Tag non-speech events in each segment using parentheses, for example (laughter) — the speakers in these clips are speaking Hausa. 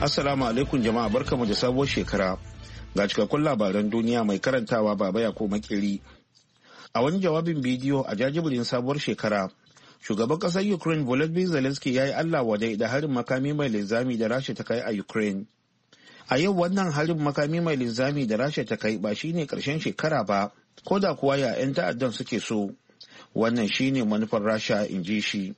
Assalamu alaikum jama'a barkamu da sabuwar shekara. Ga cikakkun labaran duniya mai karantawa baba ya ko makiri. A wani jawabin bidiyo a jajibirin sabuwar shekara, shugaban ƙasar Ukraine Volodymyr Zelensky ya yi Allah wadai da harin makami mai linzami da Rasha ta kai a Ukraine. A yau wannan harin makami mai linzami da Rasha ta kai ba shine ƙarshen shekara ba, ko da kuwa ya 'yan ta'addan suke so. Wannan shine manufar Rasha in ji shi.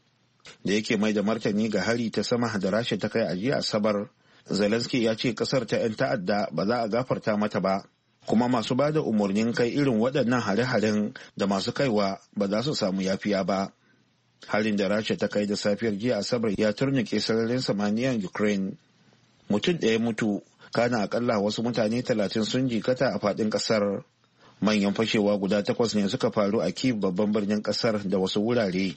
Da yake mai da martani ga hari ta sama da Rasha ta kai a jiya Asabar. zelensky ya ce kasar ta 'yan ta'adda ba za a gafarta mata ba kuma masu ba da umarnin kai irin waɗannan hare-haren da masu kaiwa ba za su samu yafiya ba halin da rasha ta kai da safiyar jiya asabar ya turnike sararin samaniyar ukraine mutum ɗaya mutu kana akalla wasu mutane talatin sun jikata a faɗin ƙasar manyan fashewa guda takwas ne suka faru a kiev babban birnin ƙasar da wasu wurare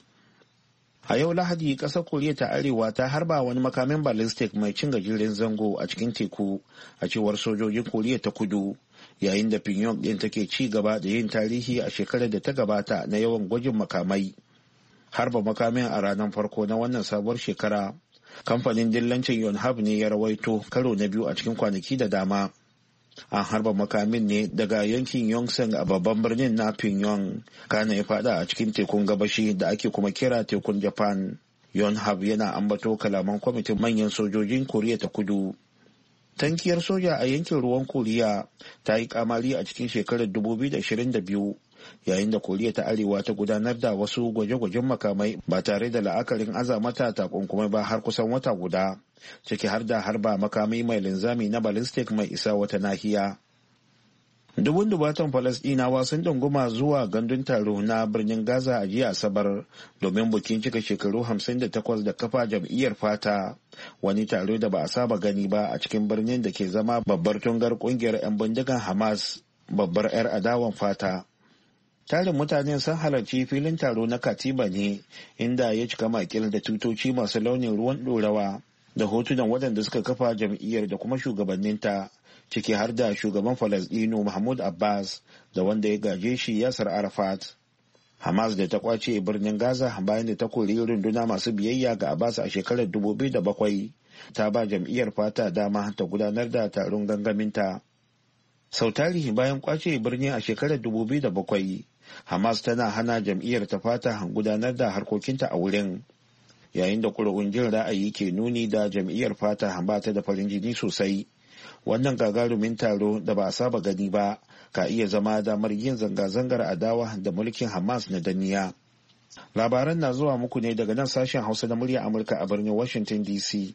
A yau Lahadi ƙasar Koriya ta Arewa ta harba wani makamin ballistic mai cin gajeren zango a cikin teku a cewar sojojin Koriya ta kudu yayin da Pyongyang ɗin take ci gaba da yin tarihi a shekarar da ta gabata na yawan gwajin makamai. Harba makamin a ranar farko na wannan sabuwar shekara. Kamfanin dillancin Yonhap ne ya rawaito karo na biyu a cikin kwanaki da dama. an harba makamin ne daga yankin yongsan a babban birnin na pyongyang kana ya fada a cikin tekun gabashi da ake kuma kira tekun japan yonhap yana ambato kalaman kwamitin manyan sojojin koriya ta kudu tankiyar soja a yankin ruwan koriya ta yi kamari a cikin shekarar 2022 yayin da koriya ta arewa ta gudanar da wasu gwaje-gwajen makamai ba tare da la'akarin azamata takunkumai ba har kusan wata guda ciki har da harba makamai mai linzami na ballistic mai isa wata nahiya dubun dubatan falasdinawa sun dunguma zuwa gandun taro na birnin gaza a jiya asabar domin bukin cika shekaru 58 da kafa jam'iyyar fata wani taro da ba a saba gani ba a cikin birnin da ke zama babbar tungar kungiyar 'yan bindigan hamas babbar 'yar adawan fata tarin mutanen sun halarci filin taro na katiba ne inda ya cika makil da tutoci masu launin ruwan ɗorawa da hotunan waɗanda suka kafa jam'iyyar da kuma shugabanninta ciki har da shugaban falasɗinu mahmud abbas da wanda ya gaje shi yasar arafat hamas da ta kwace birnin gaza bayan da ta kori runduna masu biyayya ga abbas a shekarar dubu da bakwai. ta ba jam'iyyar fata dama ta gudanar da taron gangaminta tarihi bayan kwace birni a shekarar dubu biyu da bakwai. hamas tana hana jam'iyyar ta fata gudanar da harkokinta a wurin yayin da kuri'un jin ra'ayi ke nuni da jam'iyyar fata ba ta da farin jini sosai wannan gagarumin taro da ba a saba gani ba ka iya zama damar yin zanga-zangar adawa da mulkin hamas na daniya labaran na zuwa muku ne daga nan sashen hausa na murya amurka a birnin washington dc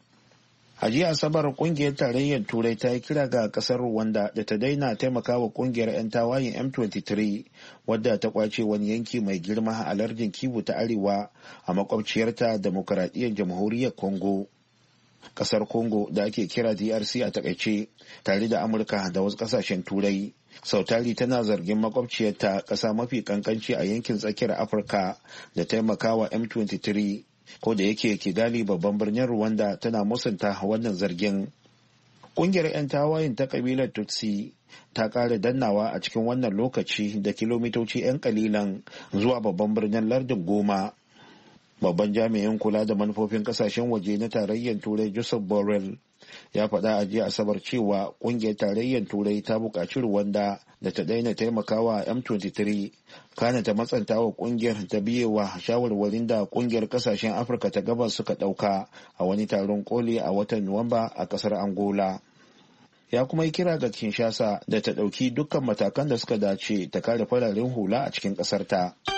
a jiya asabar kungiyar tarayyar turai ta yi kira ga kasar rwanda da ta daina taimakawa kungiyar 'yan tawayin m23 wadda ta kwace wani yanki mai girma a lardin kivu ta arewa a makwabciyarta demokradiyyar jamhuriyar congo kasar congo da ake kira drc a takaice tare da amurka da wasu kasashen turai sautari tana zargin makwabciyarta ƙasa mafi kankanci a yankin tsakiyar afirka da taimakawa m23 ko da yake kigali babban birnin rwanda tana musanta wannan zargin kungiyar 'yan tawayin ta kabilar tutsi ta ƙara dannawa a cikin wannan lokaci da kilomitoci 'yan kalilan zuwa babban birnin lardin goma babban jami'in kula da manufofin kasashen waje na tarayyar turai joseph borrell ya faɗa a jiya asabar cewa ƙungiyar tarayyar turai ta buƙaci ruwanda da ta daina taimakawa m23 kana ta matsanta wa ƙungiyar ta biye wa shawarwarin da ƙungiyar kasashen afirka ta gabas suka ɗauka a wani taron koli a watan nuwamba a ƙasar angola ya kuma yi kira ga kinshasa da ta ɗauki dukkan matakan da suka dace ta kare fararen hula a cikin ƙasarta. ta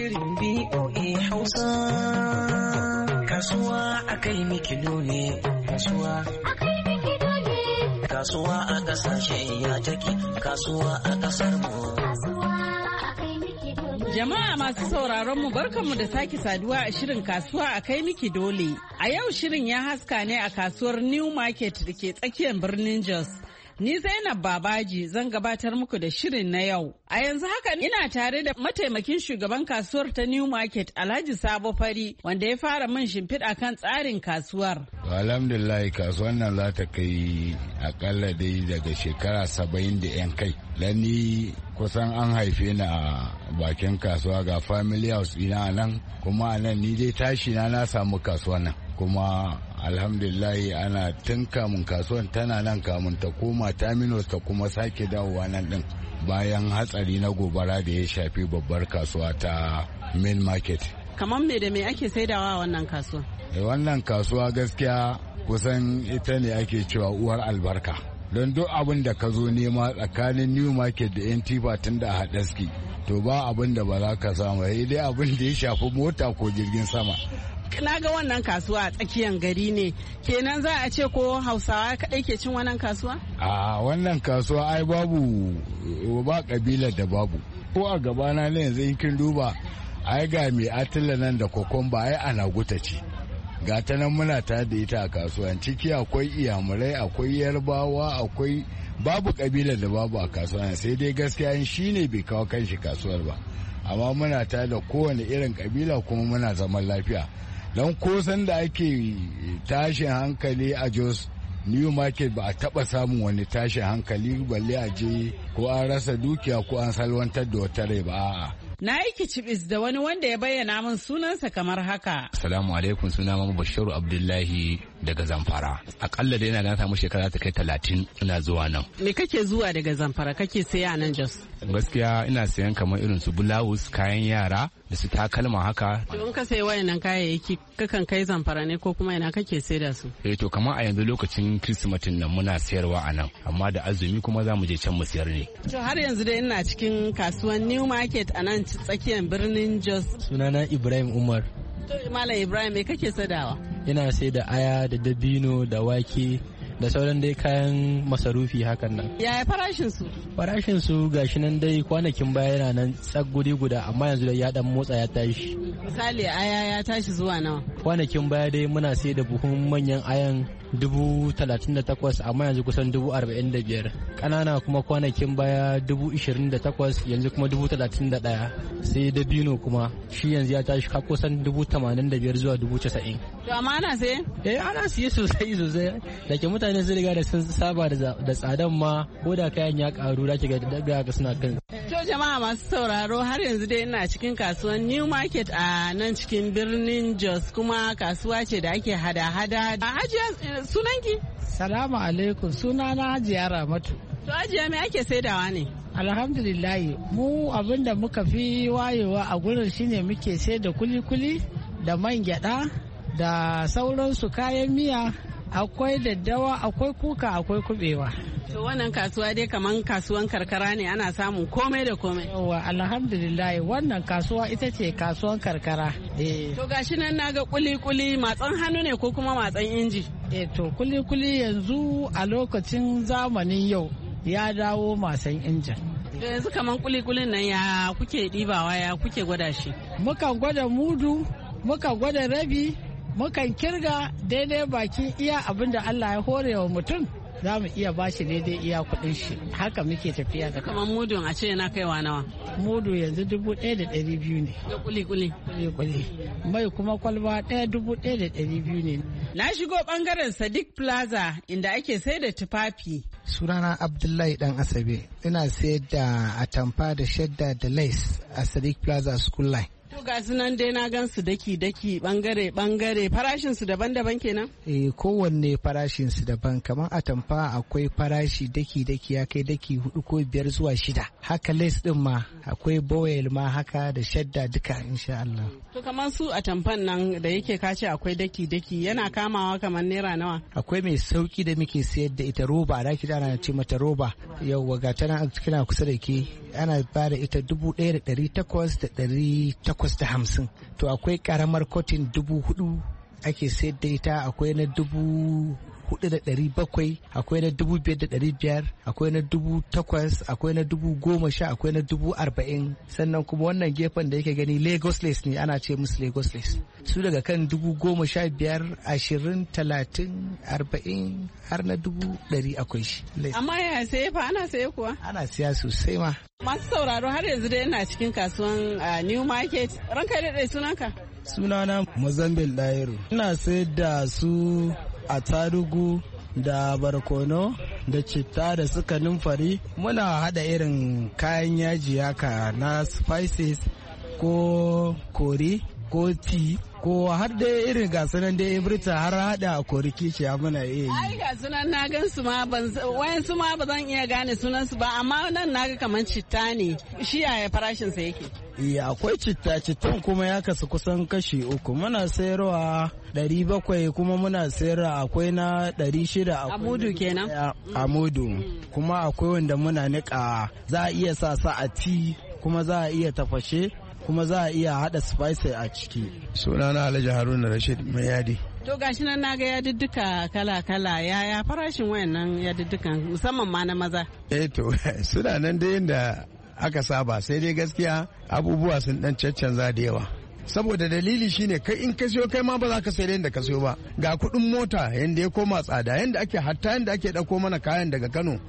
shirin BOA Hausa. Kasuwa a kai mikido ne, kasuwa. Kasuwa a kasashen ya take, kasuwa a kasar mu. Jama'a masu sauraron mu barkanmu da sake saduwa a shirin kasuwa a kai miki dole. A yau shirin ya haska ne a kasuwar New Market da ke tsakiyar birnin Jos. Ni Zainab Babaji zan gabatar muku da shirin na yau. A yanzu haka ina tare da mataimakin shugaban kasuwar ta New Market Alhaji Sabo Fari wanda ya fara min shimfiɗa kan tsarin kasuwar. Alhamdulillah kasuwar nan za ta kai akalla dai daga shekara saba'in da 'yan kai. Lani kusan an haife ni a bakin kasuwa ga family house ina nan kuma nan ni dai tashi na samu kasuwa nan kuma alhamdulillahi ana tun kamun kasuwan tana nan kamun ta koma terminus ta kuma sake dawowa nan din bayan hatsari na gobara da ya shafi babbar kasuwa ta main market kamar me da me ake saidawa wannan kasuwa eh, wannan kasuwa gaskiya kusan ita ne ake cewa uwar albarka don duk abin da ka zo nema tsakanin new market da yan tifa tun da haɗaski to ba abin da ba za ka samu sai dai abin da ya shafi mota ko jirgin sama na ga wannan kasuwa a tsakiyar gari ne kenan za a ce ko hausawa kaɗai ke cin wannan kasuwa a wannan kasuwa ai babu ba kabila da babu ko a gabana ne yanzu in kin duba ai ga mai atila nan da kokomba ai ana guta ce ga ta nan muna ta da ita a kasuwa ciki akwai iyamurai akwai yarbawa akwai babu kabilar da babu a kasuwa sai dai gaskiya shi ne bai kawo kanshi kasuwar ba amma muna tare da kowane irin kabila kuma muna zaman lafiya don kosan da ake tashin hankali a jos new market ba a taba samun wani tashin hankali balle a je ko an rasa dukiya ko an salwantar da wata rai ba a'a Na yi kicibis da wani wanda ya bayyana min sunansa kamar haka. Assalamu alaikum suna mamu Bashiru Abdullahi daga Zamfara. Akalla dai na samu shekara ta kai talatin ina zuwa nan. Me kake zuwa daga Zamfara kake saya nan Jos? Gaskiya ina sayan kamar irin su bulawus kayan yara da su takalma haka. To in ka sayi wayannan kayayyaki kakan kai zamfara ne ko kuma ina kake saida su? Eh to kamar a yanzu lokacin Kirsimatin nan muna sayarwa a nan amma da azumi kuma za mu je can mu sayar ne. To har yanzu dai ina cikin kasuwan New Market a nan tsakiyar birnin Jos. Sunana Ibrahim Umar. To Malam Ibrahim me kake sadawa? Ina sai da aya da dabino da wake da sauran dai kayan masarufi hakan nan. Yaya farashinsu. Farashinsu Farashin su gashi nan dai kwanakin baya yana nan tsagguri guda amma yanzu da ya dan motsa ya tashi. Misali aya ya tashi zuwa nawa? Kwanakin baya dai muna sai da buhun manyan ayan dubu talatin da takwas amma yanzu kusan dubu arba'in da biyar ƙanana kuma kwanakin baya dubu ishirin da takwas yanzu kuma dubu talatin da ɗaya sai da bino kuma shi yanzu ya tashi kusan dubu tamanin da biyar zuwa dubu casa'in To amma ana sai. Eh ana siye sosai sosai. Da ke mutane sun riga da sun saba da tsadan ma ko da kayan ya karu da ke ga ga suna kan. To jama'a masu sauraro har yanzu dai ina cikin kasuwan New Market a nan cikin birnin Jos kuma kasuwa ce da ake hada-hada. Hajiya eh, sunanki? Salamu alaikum sunana Hajiya Ramatu. To Hajiya me ake saidawa ne? Alhamdulillah mu abinda muka fi wayewa a gurin shine muke sai da kuli-kuli da man gyada da sauransu kayan miya akwai daddawa akwai kuka akwai kubewa to wannan kasuwa dai kaman kasuwan karkara ne ana samun komai da komai yawa alhamdulillah wannan kasuwa ita ce kasuwan karkara eh. to gashi nan naga kuli kuli matsan hannu ne ko kuma matsan inji eh to kuli kuli yanzu a lokacin zamanin yau ya dawo masan injin yanzu kaman kuli kulin nan ya kuke dibawa ya kuke gwada shi mukan gwada mudu muka gwada rabi mukan kirga daidai bakin iya abinda Allah ya hore wa mutum za mu iya bashi daidai iya kudin shi haka muke tafiya da kamar mudu a ce yana kaiwa nawa mudu yanzu dubu ɗaya da ɗari biyu ne da kuli kuli kuli kuli mai kuma kwalba ɗaya dubu ɗaya da ɗari biyu ne na shigo bangaren sadiq plaza inda ake sai da tufafi sunana abdullahi dan asabe ina sayar da atamfa da shadda da lace a sadiq plaza school line To ga sunan dai na gan su daki-daki bangare-bangare farashin su daban-daban kenan? Eh kowanne farashin su daban kamar atamfa akwai farashi daki-daki ya kai daki hudu ko biyar zuwa shida. Haka les din ma akwai boyel ma haka da shadda duka insha Allah. To kamar su atamfan nan da yake kace akwai daki-daki yana kamawa kamar naira nawa? Akwai mai sauki da muke sayar da ita roba da kira na ce mata roba yau ga tana kina kusa da ke ana ba da ita dubu ɗaya da ɗari takwas da ɗari takwas da hamsin to akwai ƙaramar kotin dubu hudu ake sayar da ita akwai na dubu hudu da dari bakwai akwai na dubu biyar da dari biyar akwai na dubu takwas akwai na dubu goma sha akwai na dubu arba'in sannan kuma wannan gefen da yake gani lagos lace ne ana ce musu lagos lace su daga kan dubu goma sha biyar ashirin talatin arba'in har na dubu dari akwai shi. amma yaya saye fa ana saye kuwa? ana siya sosai ma. masu sauraro har yanzu dai yana cikin kasuwan ah, new market ranka daɗe sunanka? sunana mozambique ɗayero ina sayar da su a attarugu da barkono da citta da suka numfari muna hada irin kayan yaji haka na spices ko kori ko ti ko har dai irin gasunan dai ibrita har hada koriki ce ya muna iya yi ai gasunan na gan su ma ban wayan su ma ba zan iya gane sunan su ba amma nan na ga kaman citta ne shi yaya farashin sa yake iya eh, akwai citta cittan kuma ya kasu kusan kashi uku muna sayarwa ɗari kuma muna sayarwa akwai na ɗari shida a kenan a mm. kuma akwai wanda muna niƙa za a iya sa sa a ti kuma za a iya tafashe kuma za a iya haɗa spices a ciki. Sunana Alhaji Haruna Rashid Mayadi. To gashi nan na ga yadudduka kala-kala ya farashin wayannan yaduddukan musamman ma na maza. Eh to (laughs) suna nan dai yadda aka saba sai dai gaskiya abubuwa sun dan caccanza da yawa. saboda dalili shine kai in ka siyo kai ma ba za ka sayar yadda ka siyo ba ga kuɗin mota yadda ya koma tsada yadda ake hatta yadda ake ɗauko mana kayan daga kano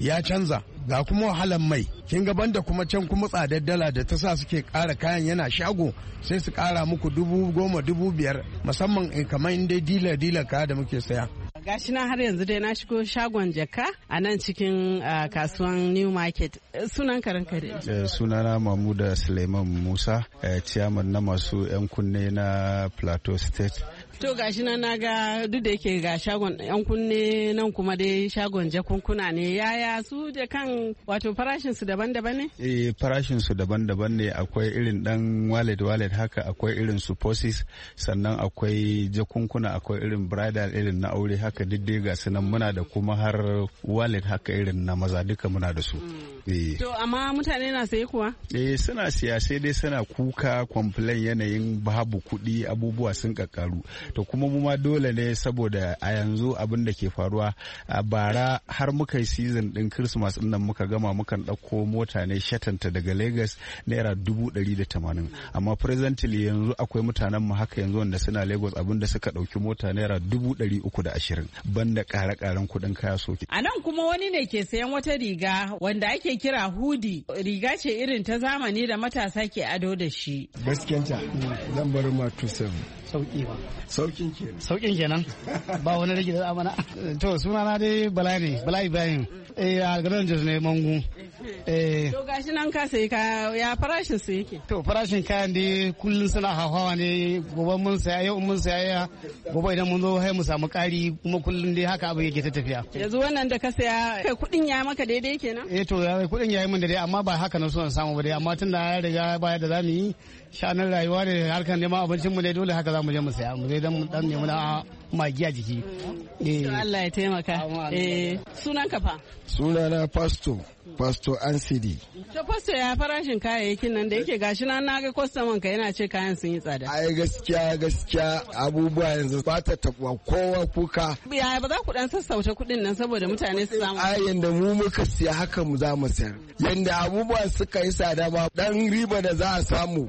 ya canza ga kuma wahalan mai kin ga banda kuma can kuma tsadar dala da ta sa suke kara kayan yana shago sai su kara muku dubu goma dubu biyar musamman in kamar in dai dila dila ka da muke saya gashi na har yanzu dai na shigo shagon jaka a nan cikin kasuwan new market eh, sunan karin kare eh, sunana mamuda suleiman musa eh, ciyaman na masu yan kunne na plateau state To gashi nan na ga duk da yake ga shagon yan kunne nan kuma dai shagon jakunkuna ne yaya su da kan wato farashin su daban-daban ne? Eh farashin su daban-daban ne akwai irin dan wallet wallet haka akwai irin su poses sannan akwai jakunkuna akwai irin bridal irin na aure haka duk dai ga nan muna da kuma har wallet haka irin na maza duka muna da su. Mm. Eh. To amma mutane na saye kuwa? Eh suna siya sai dai suna kuka complain yanayin babu kuɗi abubuwa sun kakkaru to kuma mu ma dole ne saboda a yanzu abin da ke faruwa a bara har muka yi season din christmas din nan muka gama muka dauko mota ne shatanta daga lagos naira dubu ɗari da tamanin amma presently yanzu akwai mutanen mu haka yanzu wanda suna lagos abin da suka dauki mota naira dubu ɗari uku da ashirin banda kare karen kuɗin kaya soke. a nan kuma wani ne ke sayan wata riga wanda ake kira hudi riga ce irin ta zamani da matasa ke ado da shi. gaskiyanta zan bar ma 27 sauki ba saukin kenan saukin kenan (laughs) ba wani rage da amana to suna na dai bala ne bala ibrahim eh a garin jos ne mangu eh to gashi nan ka sai ka ya farashin su yake to farashin kayan dai kullun suna hawa ne gobe mun saya yau mun saya gobe idan mun zo sai mu samu kari kuma kullun dai haka abu yake ta tafiya yanzu wannan da ka saya kai kudin ya maka daidai kenan eh to kudin ya yi min dai amma ba haka na so samu ba dai amma tun ya riga baya da zamu yi sha'anin rayuwa da harkar neman abincin mu ne dole haka za mu je mu saya mu zai dan mu dan nemi na magiya jiki eh Allah ya taimaka eh sunan ka fa sunana pastor pastor Ansidi to pastor ya farashin kayayyakin nan da yake gashi nan na ga customer ka yana ce kayan sun yi tsada ai gaskiya gaskiya abubuwa yanzu ba ta tabuwa kowa kuka ya ba za ku dan sassauta kuɗin nan saboda mutane su samu ai yanda mu muka siya haka mu za mu sayar yanda abubuwa suka yi tsada ma dan riba da za a samu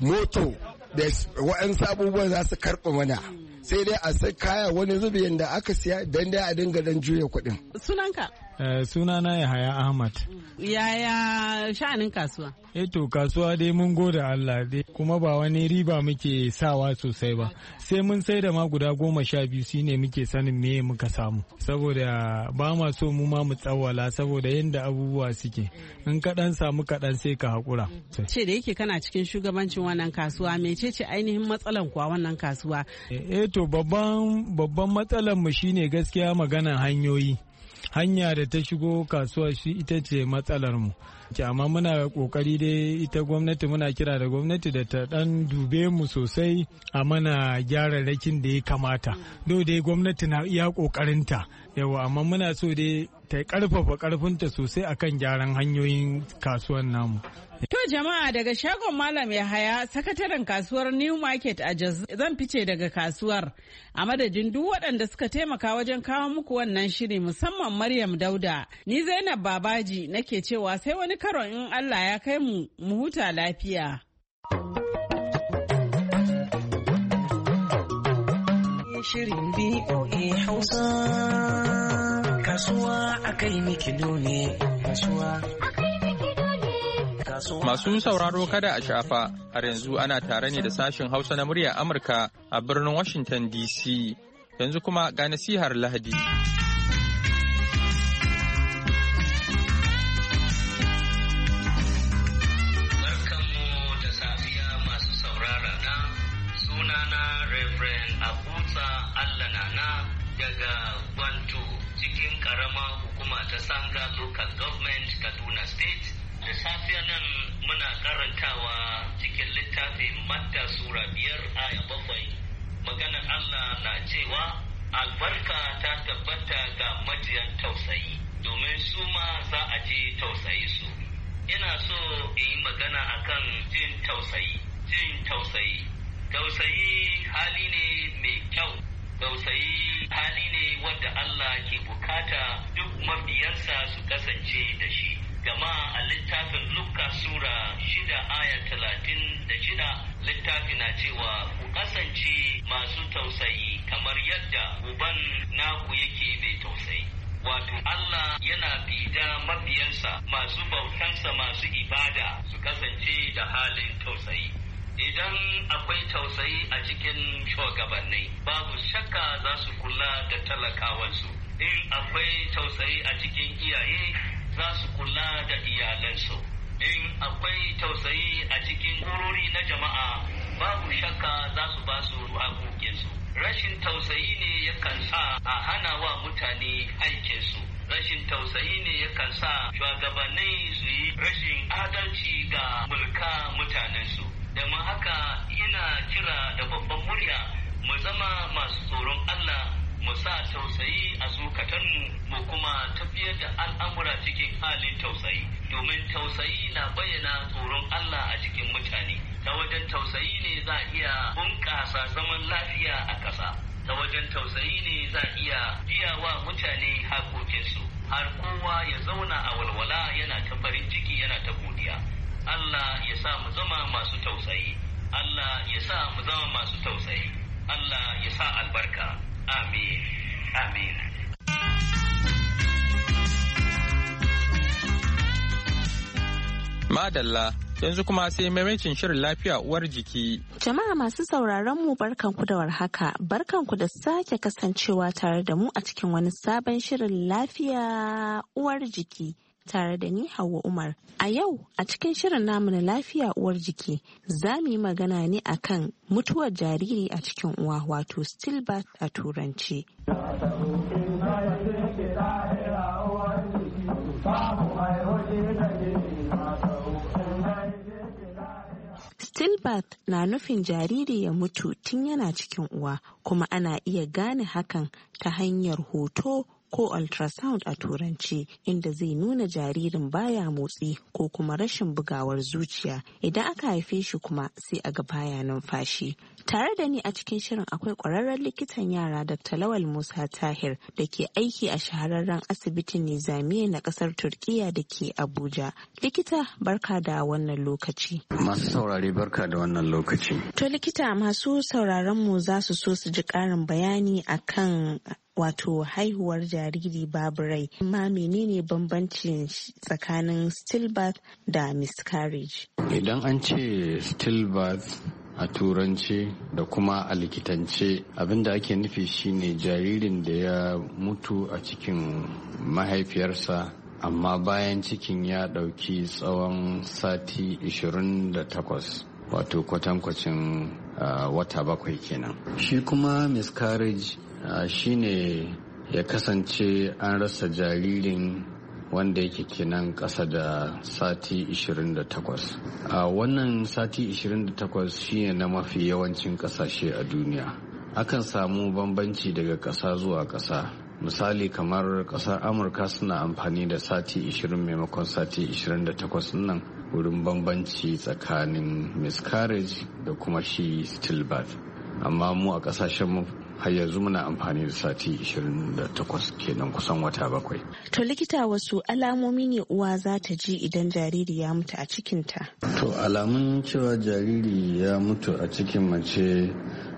moto da wa'an abubuwan za su karɓa mana sai dai a sai kaya wani zubi da aka siya don dai a dinga dan juya kuɗin. Sunanka? Eh, sunana Yahaya Ahmad. Yaya sha'anin kasuwa? Eto eh kasuwa dai mun gode Allah dai kuma ba wani riba muke sawa sosai ba. Sai mun sai da ma guda goma sha biyu shi ne muke sanin me muka samu. Saboda ba ma so mu ma mu tsawala saboda yadda abubuwa suke. In kaɗan samu kaɗan sai ka haƙura. Ce da yake kana cikin shugabancin wannan kasuwa mecece ainihin matsalan kuwa wannan kasuwa? Eto eh, babban babban matsalan mu shine gaskiya maganan hanyoyi. hanya da ta shigo kasuwa shi ita ce matsalar mu amma muna kokari dai ita gwamnati muna kira da gwamnati da ta dan dube mu sosai a mana rakin da ya kamata do dai gwamnati na iya kokarinta yawa amma muna so dai ta karfafa karfinta sosai akan gyaran hanyoyin kasuwan namu To jama'a daga shagon Malam Yahaya, sakataren kasuwar New Market a Jos zan fice daga kasuwar. A madadin duk waɗanda suka taimaka wajen kawo muku wannan shiri musamman Maryam Dauda. Ni Zainab Babaji nake cewa sai wani karon in Allah ya kai mu mu huta lafiya. Shirin BOA Hausa Kasuwa akai miki ne Kasuwa Masu sauraro kada a shafa, har yanzu ana tare ne da sashen Hausa na murya Amurka a birnin Washington DC. Yanzu kuma ga nasihar Lahadi. sai nan muna karantawa cikin littafin matta sura biyar aya bakwai maganar allah na cewa albarka ta tabbata ga majiyan tausayi domin su ma za a je tausayi su ina so in yi magana akan jin tausayi jin tausayi tausayi hali ne mai kyau tausayi hali ne wanda allah ke bukata duk mabiyansa su kasance da shi jama'a a littafin Luka Sura shida aya talatin da shida littafi na cewa ku kasance masu tausayi kamar yadda uban naku yake mai tausayi. Wato Allah yana bida mabiyansa masu bautansa masu ibada su kasance da halin tausayi. Idan akwai tausayi a cikin shugabanni babu shakka za su kula da talakawansu. In akwai tausayi a cikin iyaye za su kula da iyalansu in akwai tausayi a cikin gurori na jama'a babu shakka za su ba su haƙoƙinsu rashin tausayi ne yakan sa a hana wa mutane aikinsu rashin tausayi ne yakan sa shugabanni su yi rashin adalci ga mulka mutanensu Da domin haka ina kira da babban murya mu zama masu tsoron allah tausayi a zukatanmu mu kuma tafiyar da al'amura cikin halin tausayi domin tausayi na bayyana tsoron Allah a cikin mutane ta wajen tausayi ne za a iya bunƙasa zaman lafiya a ƙasa ta wajen tausayi ne za a iya biyawa mutane haƙoƙinsu har kowa ya zauna a walwala yana ta farin ciki yana ta godiya Allah ya sa mu zama masu tausayi Allah ya sa mu zama masu tausayi Allah ya sa albarka Amin. Amin. Madalla yanzu kuma sai maimacin shirin lafiya uwar jiki. Jama'a masu sauraron mu barkanku da warhaka, barkanku da sake kasancewa tare da mu a cikin wani sabon shirin lafiya uwar jiki. tare da ni Hauwa Umar. A yau a cikin shirin namu lafiya uwar jiki za mu yi magana ne akan mutuwar jariri a cikin uwa wato stillbirth a turanci. Stillbirth na nufin jariri ya mutu tun yana cikin uwa kuma ana iya gane hakan ta hanyar hoto ko ultrasound a turanci inda zai nuna jaririn baya motsi ko kuma rashin bugawar zuciya idan aka haife shi kuma sai a ga baya numfashi Tare da ni a cikin shirin akwai kwararren likitan yara da Talawal Musa Tahir da ke aiki a shahararren asibitin Nizamiya na ƙasar Turkiya da ke Abuja. Likita barka da wannan lokaci. Masu saurare barka da wannan lokaci. To likita masu sauraron mu za su so su ji ƙarin bayani a kan wato haihuwar jariri babu rai ma menene bambancin tsakanin stillbirth da miscarriage idan an ce stillbirth a turance da kuma a likitance abinda ake nufi shine jaririn da ya mutu a cikin mahaifiyarsa amma bayan cikin ya ɗauki tsawon sati 28 wato kwatankwacin wata bakwai kenan shi kuma miscarriage shine ya kasance an rasa jaririn wanda yake kenan kasa da sati 28 a wannan sati 28 shine na mafi yawancin kasashe a duniya akan samu bambanci daga ƙasa zuwa ƙasa misali kamar ƙasar amurka suna amfani da sati 20 maimakon sati 28 nan wurin bambanci tsakanin miscarriage da kuma shi stillbirth amma mu a ƙasashen har yanzu muna amfani da sati 28 kenan kusan wata bakwai. To likita wasu alamomi ne uwa za ta ji idan jariri ya mutu a cikinta? To alamun cewa jariri ya mutu a cikin mace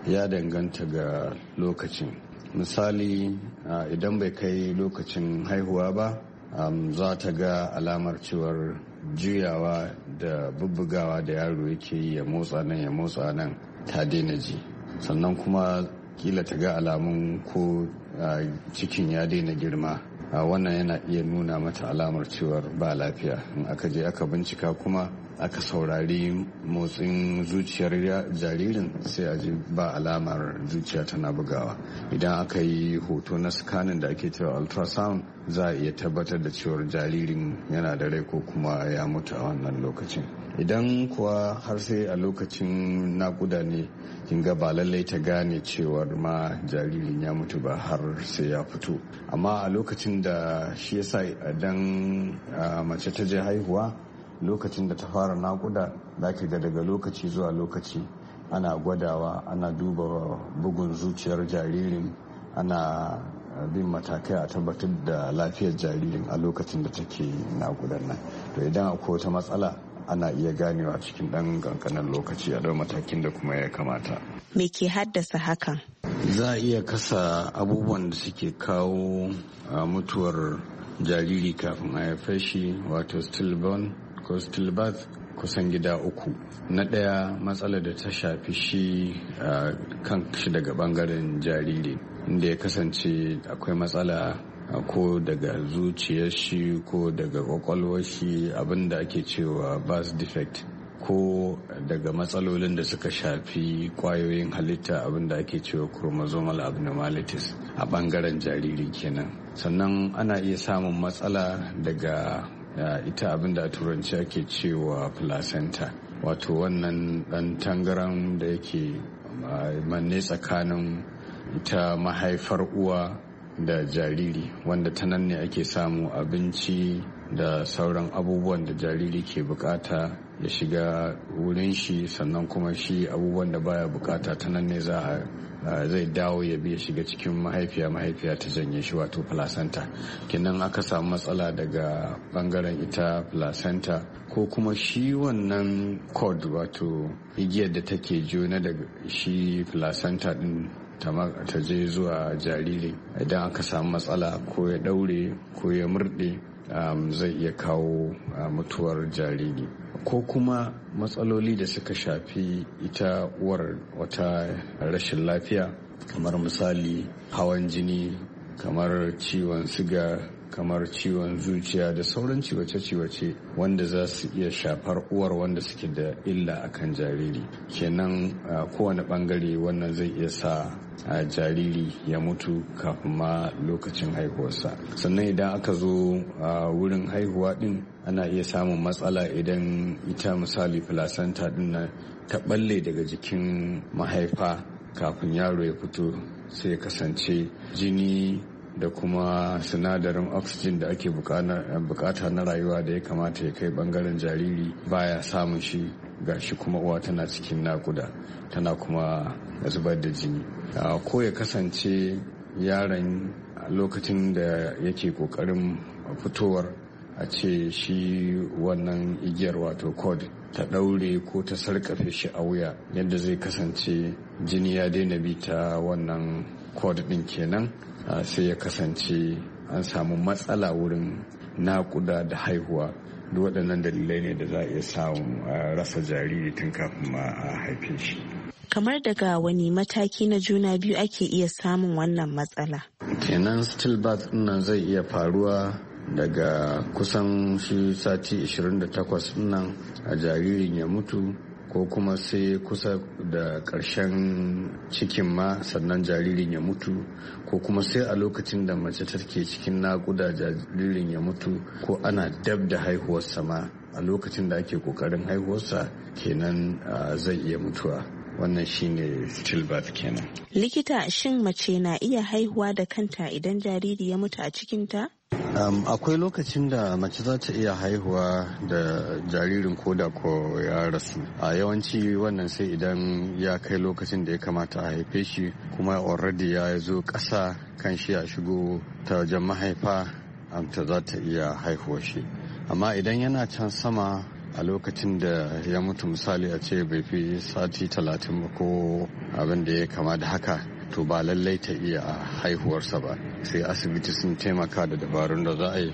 ya danganta ga lokacin. Misali idan bai kai lokacin haihuwa ba za ta ga alamar cewar juyawa da bubbugawa da yaro yake yi ya motsa nan ya motsa nan ta daina ji. sannan kuma kila ta ga alamun ko cikin ya daina girma wannan yana iya nuna mata alamar cewar ba lafiya in aka je aka bincika kuma aka saurari motsin zuciyar jaririn sai a ji ba alamar zuciya tana bugawa idan aka yi hoto na scanning da ake cewa ultrasound za a iya tabbatar da cewar jaririn yana da rai ko kuma ya mutu a wannan lokacin idan kuwa har sai a lokacin nakuda ne kinga ba lallai ta gane cewar ma jaririn ya mutu ba har sai ya fito amma a lokacin da shi yasa idan ah, mace ta je haihuwa lokacin da ta fara nakuda za ki ga daga lokaci zuwa lokaci ana gwadawa ana duba bugun zuciyar jaririn ana bin matakai a tabbatar da lafiyar jaririn a lokacin da take nakudan nan to idan akwai wata matsala ana iya ganewa cikin ɗan kankanin lokaci a matakin da kuma ya kamata. Me ke haddasa hakan? Za a iya kasa abubuwan da suke kawo ah, mutuwar jariri kafin a haife shi wato stillborn Coastal bath kusan gida uku na ɗaya matsalar da ta shafi shi kan shi daga bangaren jariri inda ya kasance akwai matsala ko daga zuciyar shi ko daga kwakwalwar shi abinda ake cewa bas defect ko daga matsalolin da suka shafi kwayoyin halitta abinda ake cewa chromosomal abnormalities a bangaren jariri kenan sannan ana iya samun matsala daga ita abin da a turanci ake cewa placenta wato wannan dan tangaran da yake manne tsakanin ita mahaifar uwa da jariri wanda ta nan ne ake samu abinci da sauran abubuwan da jariri ke bukata ya shiga wurin shi sannan kuma shi abubuwan da baya bukata ta nan ne za a zai dawo ya bi ya shiga cikin mahaifiya mahaifiya ta janye shi wato placenta kinan aka samu matsala daga bangaren ita placenta ko kuma shi wannan cord wato igiyar da take jona da shi placenta din ta je zuwa jariri idan aka samu matsala ko ya daure ko ya murde. Um, zai iya kawo uh, mutuwar jariri ko kuma matsaloli da suka shafi ita uwar wata rashin lafiya kamar misali hawan jini kamar ciwon siga kamar ciwon zuciya da sauran ciwace-ciwace wanda za su iya shafar uwar wanda suke da illa akan jariri kenan uh, kowane bangare wannan zai iya sa a jariri ya mutu kafin ma lokacin haihuwarsa sannan idan aka zo a wurin haihuwa din ana iya samun matsala idan ita misali filasanta din na ta balle daga jikin mahaifa kafin yaro ya fito sai ya kasance jini da kuma sinadarin oxygen da ake bukata na rayuwa da ya kamata ya kai bangaren jariri baya samun shi ga shi kuma uwa tana cikin naƙuda tana kuma zubar da jini ko ya kasance yaron lokacin da yake kokarin fitowar a ce shi wannan igiyar wato cord ta ɗaure ko ta sarƙafe shi a wuya yadda zai kasance jini ya daina bi ta wannan cord din kenan sai ya kasance an samu matsala wurin naƙuda da haihuwa duk waɗannan dalilai ne da za a iya samun rasa jariri tun kafin ma a haife shi kamar daga wani mataki na juna biyu ake iya samun wannan matsala kenan stillbirth nan zai iya faruwa daga kusan shi sati 28 nan a jaririn ya mutu ko kuma sai kusa da ƙarshen cikin ma sannan jaririn ya mutu ko kuma sai a lokacin da mace take cikin naƙuda jaririn ya mutu ko ana dab da haihuwarsa ma a lokacin da ake ƙoƙarin haihuwarsa kenan ah, zai iya mutuwa wannan shine stillbirth kenan likita shin mace na iya haihuwa da kanta idan jariri ya mutu a cikinta Um, akwai lokacin da mace za ta iya haihuwa da jaririn koda ko ya rasu a yawanci wannan sai idan ya kai lokacin da ya kamata a haife shi kuma already ya zo kasa kan shi ya shigo ta wajen mahaifa ta za ta iya haihuwa shi amma idan yana can sama a lokacin da ya mutu misali a ce bai fi sati talatin ba ko abin da ya kama da haka to ba lallai ta iya haihuwarsa ba sai asibiti sun taimaka da dabarun da za a yi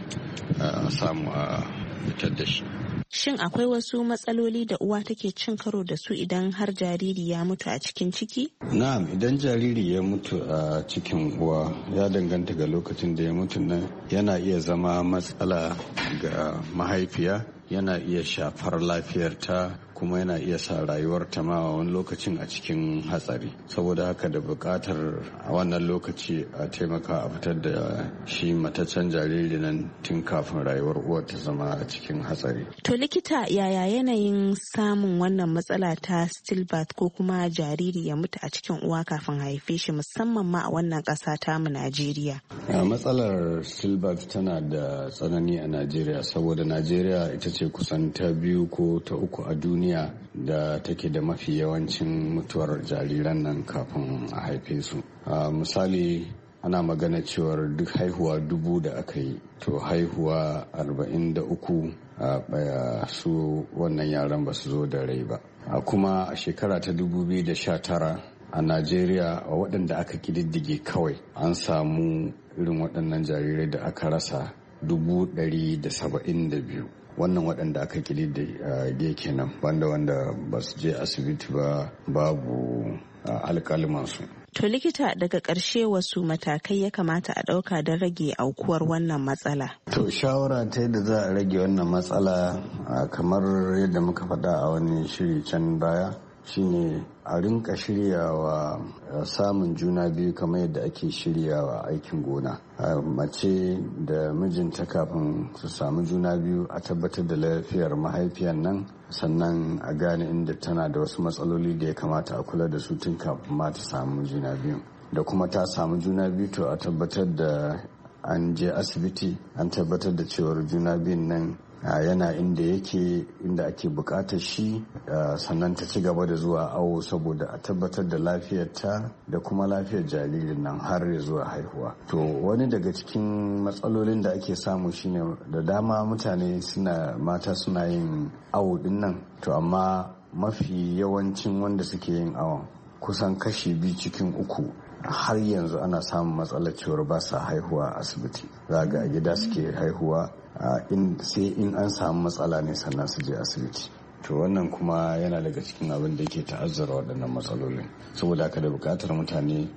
a samu a fitar da shi Shin akwai wasu matsaloli da uwa take cin karo da su idan har jariri ya mutu a cikin ciki? Na'am, idan jariri ya mutu a cikin uwa ya danganta ga lokacin da ya mutu nan yana iya zama matsala ga mahaifiya yana iya shafar lafiyarta kuma yana iya sa rayuwar ta ma wani lokacin a cikin hatsari saboda haka da bukatar a wannan lokaci a taimaka a fitar da shi mataccen jariri nan tun kafin rayuwar uwar ta zama a cikin hatsari to likita yaya yanayin samun wannan matsala ta stillbirth ko kuma jariri ya mutu a cikin uwa kafin haife shi musamman ma a wannan ƙasa tamu najeriya matsalar stillbirth tana da tsanani a najeriya saboda najeriya ita ce kusan ta biyu ko ta uku a duniya hanya da take da mafi yawancin mutuwar jariran nan kafin a haife su misali ana magana cewar duk haihuwa dubu da aka yi to haihuwa arba'in da uku a su wannan yaran ba su zo da rai ba a kuma a shekara ta tara a najeriya a waɗanda aka kididdige kawai an samu irin waɗannan jarirai da aka rasa dubu da da saba'in ɗari biyu. wannan waɗanda aka kilide ah, kenan banda wanda ba su je asibiti ba babu ah, alkalimansu To likita daga ƙarshe wasu matakai ya kamata a ɗauka don rage aukuwar wannan matsala. To shawara ta yadda za a rage wannan matsala ah, kamar yadda muka faɗa a wani shiri can baya shine a rinka shiryawa eh, samun juna biyu kamar yadda ake shiryawa aikin gona eh, mace da mijinta kafin su samu juna biyu a tabbatar da lafiyar mahaifiyar nan sannan a gane inda tana da wasu matsaloli da ya kamata a kula da su tun kafin ma ta samu juna biyu da kuma ta samu juna biyu to a tabbatar da an je asibiti an tabbatar da cewar juna biyun nan yana inda yake inda ake bukatar shi sannan ta ci gaba da zuwa awo saboda a tabbatar da lafiyarta da kuma lafiyar jaririn nan har ya zuwa haihuwa to wani daga cikin matsalolin da ake samu shine da dama mutane suna mata suna yin awo din nan to amma mafi yawancin wanda suke yin awon kusan kashi biyu cikin uku har yanzu ana samun matsalar cewar ba sa haihuwa a asibiti za ga a gida suke haihuwa sai in an samu matsala ne sannan su je asibiti to wannan kuma yana daga cikin abin da yake ta'azzara waɗannan matsalolin saboda haka da buƙatar mutane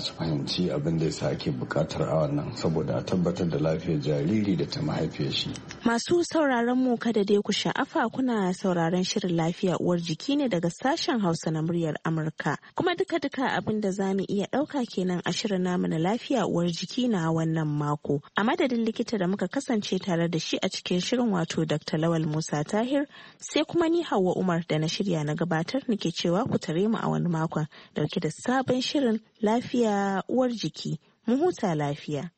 su fahimci abin da yasa ake bukatar a wannan saboda a tabbatar da lafiyar jariri da ta mahaifiyar shi. Masu sauraron mu kada dai ku sha'afa kuna sauraron shirin lafiya uwar jiki ne daga sashen Hausa na muryar Amurka. Kuma duka-duka abin da za mu iya ɗauka kenan a shirin namu na lafiya uwar jiki na wannan mako. A madadin likita da muka kasance tare da shi a cikin shirin wato Dr. Lawal Musa Tahir sai kuma ni Hauwa Umar da na shirya na gabatar nake cewa ku tare mu a wani makon dauke da sabon shirin lafiya uwar jiki mu huta lafiya.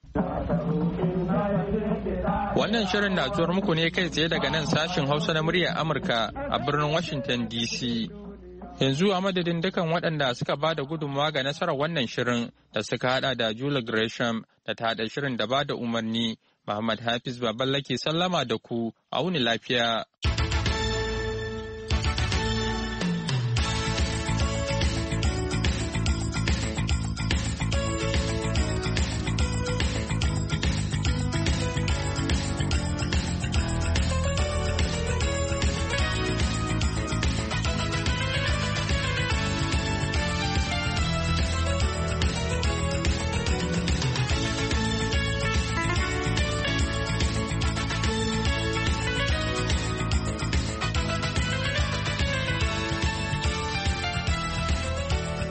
Wannan shirin na zuwar muku ne kai tsaye daga nan sashin Hausa na muryar Amurka a birnin Washington DC. Yanzu a madadin dukan waɗanda suka ba da gudunmawa ga nasarar wannan shirin da suka haɗa da Julie Gresham da ta haɗa shirin da ba da umarni, Muhammad Hafiz ke sallama da ku a wuni lafiya.